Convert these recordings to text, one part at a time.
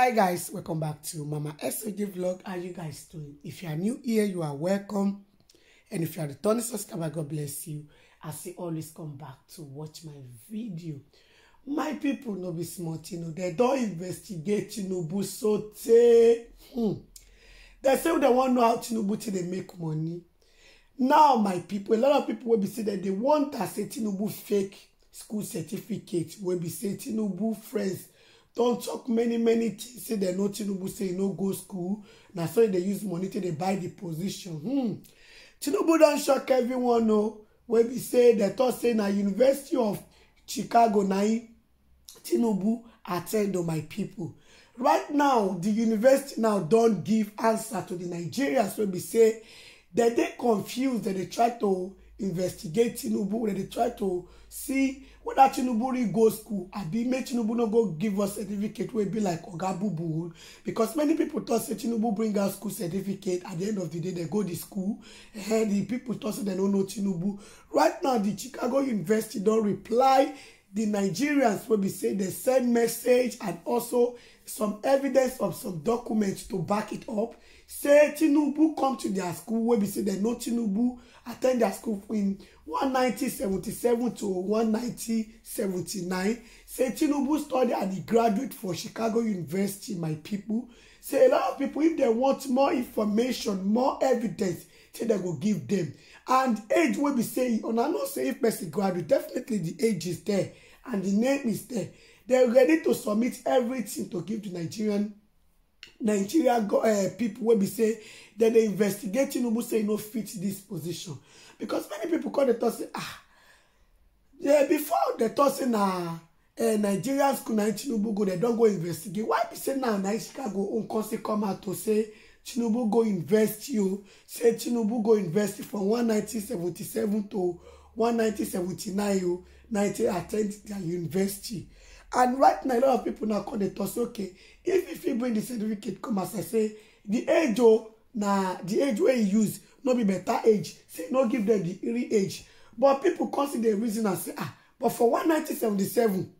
hi guys welcome back to mama Sog vlog how you guys doing if you are new here you are welcome and if you are returning subscriber god bless you as you always come back to watch my video my people know be smart. you know they don't investigate tinubu so tey hmm. they say they wan know how tinubu take They make money now my people a lot of people will be say that they want a say tinubu fake school certificate will be say tinubu friends don talk many many things. say dem no tinubu say e no go school na so e dey use money to dey buy di position hmm tinubu don shock everyone o wey be say dem tok say na university of chicago na tinubu attend o oh my pipo right now di university now don give answer to di nigerians wey be say dem dey confused dem dey try to investigate tinubu dem dey try to see whether tinubu really go school abi make tinubu no go give us certificate wey be like oga bubu because many people talk say tinubu bring out school certificate at the end of the day they go the school and eh, the people talk say dem no know tinubu right now the chicago university don reply the nigerians wey be say they send message and also some evidence of some documents to back it up say tinubu come to their school wey be say they know tinubu attend their school in one ninety seventy seven to one ninety seventy nine say tinubu study and he graduate for chicago university my people say a lot of people if they want more information more evidence say they go give them. and age wey be say una know say if person graduate definitely the age is there and the name is there dem ready to submit everything to give the nigerian nigeria go uh, eh, pipo wey be say that dey investigating tinubu say no fit this position because many people call the talk say ah yeah, before the talk say na uh, nigerian school na tinubu go dem don go investigate why be say now na chicago own come out to say tinubu go invest you say tinubu go invest from 1977 to 1979 you na attend their university and right now a lot of people now call the talk say okay if you fit bring the certificate come as I say the age o na the age wey you use no be better age say no give them the real age but people come see the reason and say ah but for one nineteen seventy-seven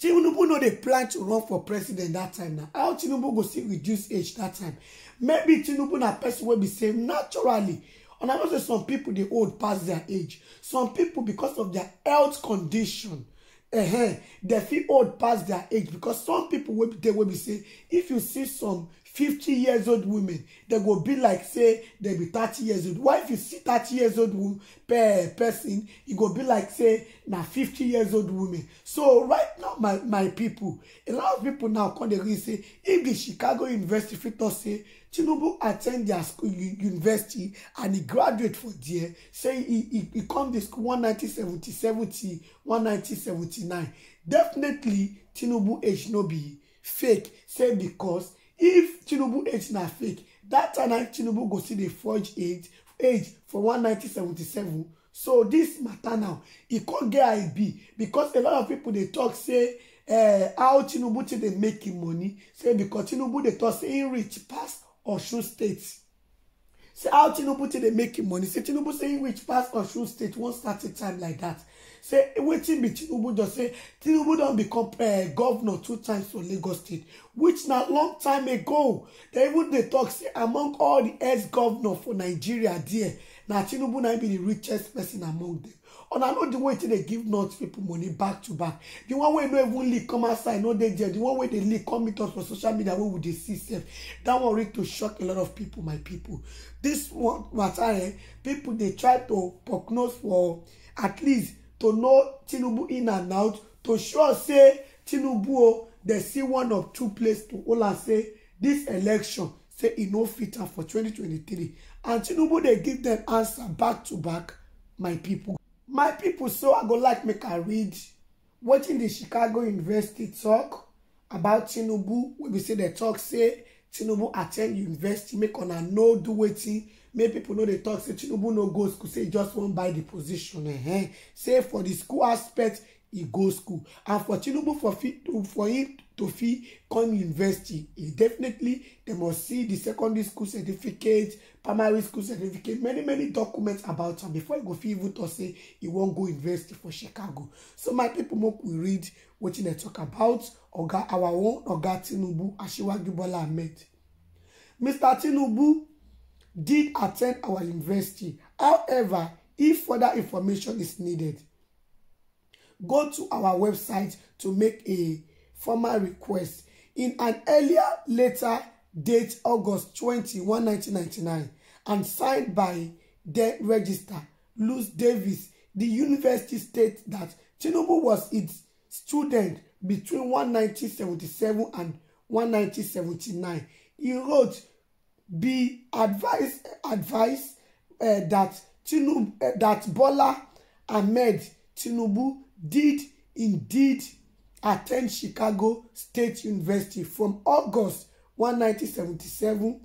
tinubu no dey plan to run for president that time na how tinubu go still reduce age that time maybe tinubu na person wey be say naturally and i know say some people dey old pass their age some people because of their health condition uh-huh, they feel old past their age because some people will be they will be say if you see some 50 years old women they go be like say they be 30 years old why if you see 30 years old per person e go be like say now 50 years old women so right now my my people a lot of people now come to read say if the chicago university fit say tinubu attend their school university and he graduate for there say he he come the school one nineteen seventy seventy one nineteen seventy nine definitely tinubu age no be fake say because if tinubu age na fake that time na tinubu go see the forge age age for one nineteen seventy-seven so this matter now e come get how e be because a lot of people dey talk say uh, how tinubu take dey make im money say because tinubu dey talk say im reach pass osun state say how tinubu take dey make im money say tinubu say im reach pass osun state one starting time like that say wetin be tinubu just say tinubu don become uh, governor two times for lagos state which na long time ago dem even dey talk say among all the ex governor for nigeria there na tinubu na be the richest person among them una know the way till dey give north people money back to back the one wey no even leak come outside no dey there the one wey dey leak come meet us for social media wey we dey see sef that one really to shock a lot of people my people this one matter eh people dey try to prognose for at least to know tinubu in and out to sure say tinubu o dey see one of two place to hold am say dis election say e no fit am for 2023 and tinubu dey give dem answer back to back my pipo my pipo so i go like make i read wetin di chicago university talk about tinubu wey be say dem tok say tinubu at ten d university make una no do wetin make people no dey talk. say tinubu no go school say e just wan buy the position eh say for the school aspect he go school and for tinubu for for him to fit come university he definitely dem must see the secondary school certificate primary school certificate many many documents about am before he go fit even talk say he wan go university for chicago so my people make we read wetin dem talk about oga our own oga tinubu asiwaju bola ahmed mr tinubu did attend our university. However, if further information is needed, go to our website to make a formal request. In an earlier letter date August 21, 1999, and signed by the Register Luz Davis, the university states that Tinubu was its student between 1977 and 1979. He wrote, be advised advised uh, eh, that Tinubu uh, eh, that Bola Ahmed Tinubu did indeed attend Chicago State University from August one seventy seven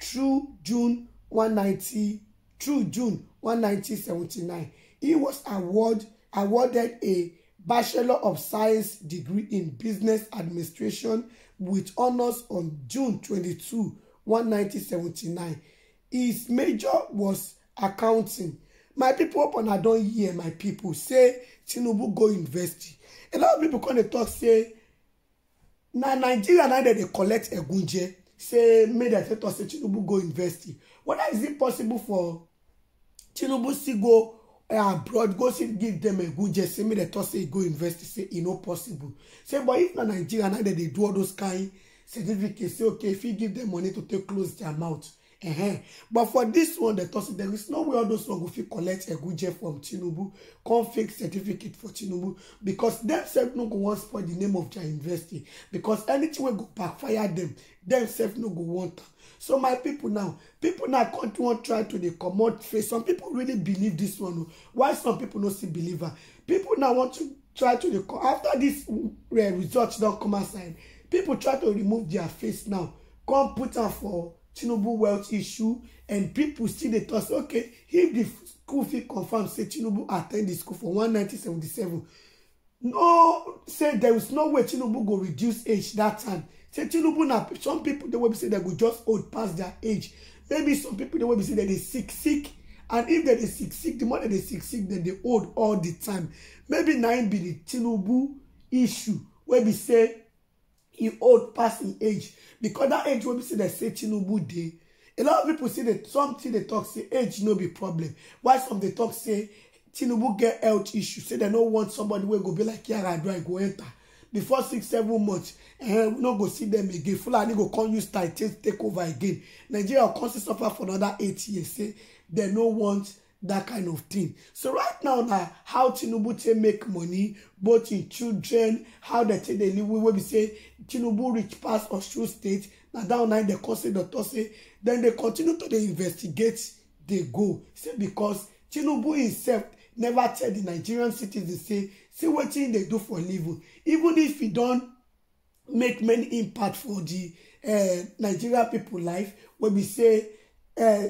through June one 19 through June one seventy nine. He was award, awarded a Bachelor of Science degree in Business Administration with honors on June twenty two. 1979 his major was accounting my people open i don't hear my people say tinubu go university a lot of people come dey talk say na nigeria now that they collect a egunje say make dem say say tinubu go university whether is it possible for tinubu still go eh, abroad go see give a egunje say me dem talk say go university say e no possible say but if na nigeria now that they do all those kind certificate say okay if you give them money to take close their mouth uh -huh. but for this one dem tok say there is no way all those one go fit collect a good eguje from tinubu come fake certificate for tinubu because dem sef no go want spoil the name of their investing because anything will go backfire them dem sef no go want so my people now people now can't want try to the comot face some people really believe this one oh. why some people no see believer? People now want to try to the after this uh, result don't come aside people try to remove their face now come put am for tinubu wealth issue and people still dey talk say okay if the school fit confam say tinubu at ten d the school for one nineteen seventy-seven no say there is no way tinubu go reduce age that time say tinubu na some people dey wey be say dem go just old pass their age maybe some people dey wey be say dem dey sick sick and if dem dey sick sick the more dem dey sick sick dem dey old all the time maybe na im be the tinubu issue wey be say e old pass e age because that age wey be say dem say tinubu dey a lot of pipo say something dey talk say age no be problem while some dey talk say tinubu get health issue say dem no want somebody wey go be like yara adua go enter before six seven months eh, we no go see dem again fulani go come use titan take over again nigeria go come still suffer for another eight years say dem no want that kind of thing so right now now how tinubu take make money both in children how they take dey live wey be say tinubu rich pass osun state Now down now na dem say the say Then they continue to dey investigate They go say because tinubu himself never tell the nigerian citizens say see what thing they do for living even if e don't make many impact for the uh, nigeria people life wey be say uh,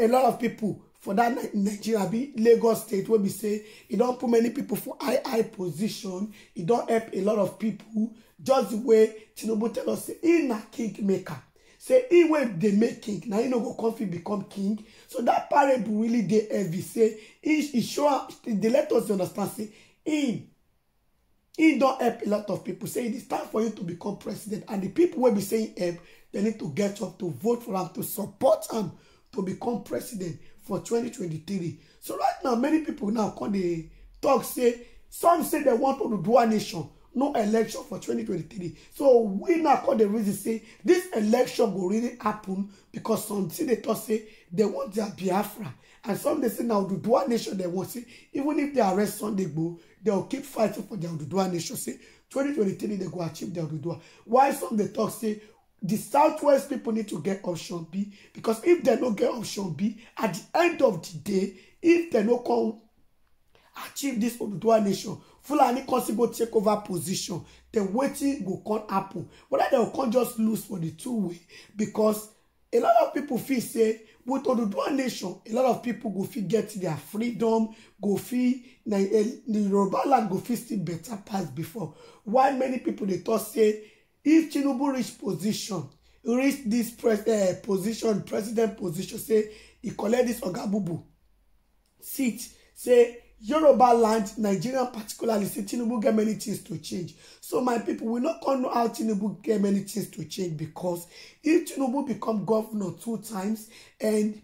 a lot of people for that nigeria be lagos state where we say it e don't put many people for high high position it e don't help a lot of people. just di way tinubu tell us he na king maker say he wey they make king Now he no go come become king so that parable really dey heavy say he show dey let us understand say he he don't help a lot of people. say it is time for you to become president and the people will be saying, e help dem need to get up to vote for him to support him." to become president for 2023 so right now many people now come dey tok say some say they want oduduwa nation no election for 2023 so we now call the reason say this election go really happen because some say dey tok say they want dia biafra and some dey say na oduduwa nation They want say even if they arrest sunday go dem keep fighting for their oduduwa nation say 2023 they go achieve their oduduwa Why some dey tok say the southwest people need to get option b because if they no get option b at the end of the day if they no come achieve dis oduduwa nation fulani come go take over position then wetin go come happen whether dem come just lose for the two way because a lot of people feel say with oduduwa nation a lot of people go fit get their freedom go fit na eh, the yoruba land go fit still better pass before while many people dey talk say if tinubu reach position reach dis uh, eh, position president position say e collect dis oga bubu seat say yoruba land nigeria particularly say tinubu get many things to change so my people we no come know how tinubu get many things to change because if tinubu become governor two times and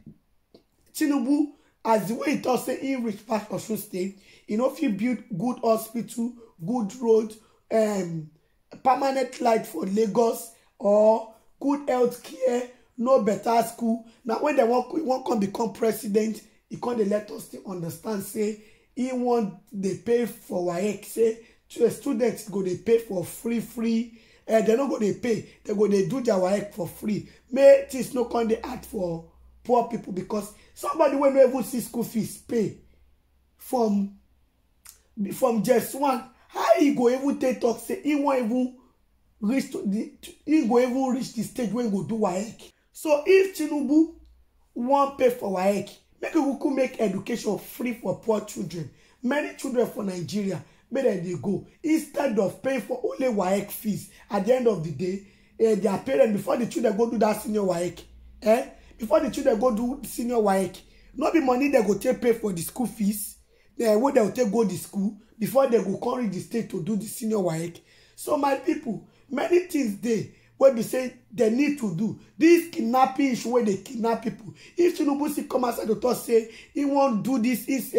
tinubu as the way e tok say e reach past osun state e no fit build good hospital good road um, permanent light for lagos or good health care no better school na when dem wan come become president e come dey let us still understand say e wan dey pay for waec say students go dey pay for free free Eh, dem no go dey pay dem go dey do their waec for free make things no come dey hard for poor people because somebody wey no even see school fees pay from from just one how he go even take talk say e wan even reach to the He go even reach the stage wey e go do waek. so if tinubu wan pay for waek, make we go make education free for poor children many children for nigeria make they go instead of paying for only waek fees at the end of the day eh, their parents before the children go do that senior waek, eh? before the children go do senior waek, not the money they go take pay for the school fees uh, wey dem take go the school before dem go come reach the state to do the senior waec so my people many things dey wey be say dem need to do dis kidnapping issue wey dey kidnap pipo if tinubu still come outside to talk say e wan do dis dis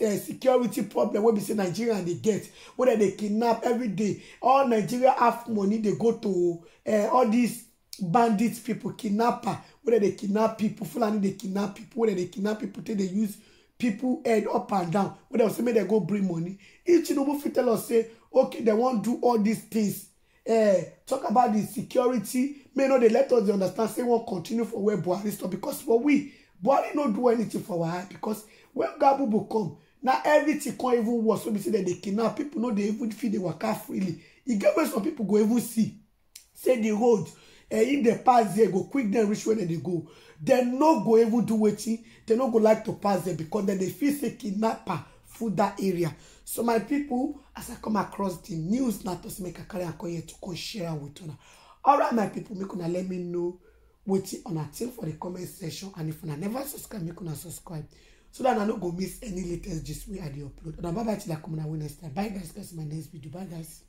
uh, uh, security problem wey be say nigeria dey get wey dem dey kidnap every day all nigeria half money dey go to uh, all dis bandit pipo kidnapper wey dem dey kidnap pipo fulani dey kidnap pipo wey dem dey kidnap pipo take dey use people head up and down wey they say make they go bring money Each tinubu fit tell us say okay they won't do all these things eh, talk about the security may no they let us dey understand say won't continue for where buhari stop because for we buhari no do anything for our eye because when gabubu come now everything come even worse so be say dem dey kidnap people no they even fit dey waka freely e get wey some people go even see say the roads and eh, if they pass there go quick then reach where they go They no go even do wetin They no go like to pass there because then they feel say kidnapper for that area so my people, as i come across the news not to make a carry am come here to come share am with una alright my people, make una let me know wetin una think for the comment section and if una never subscribe make una subscribe so that i no go miss any latest just we i the upload And una bye bye till i come una wey next bye guys guys my next video bye guys.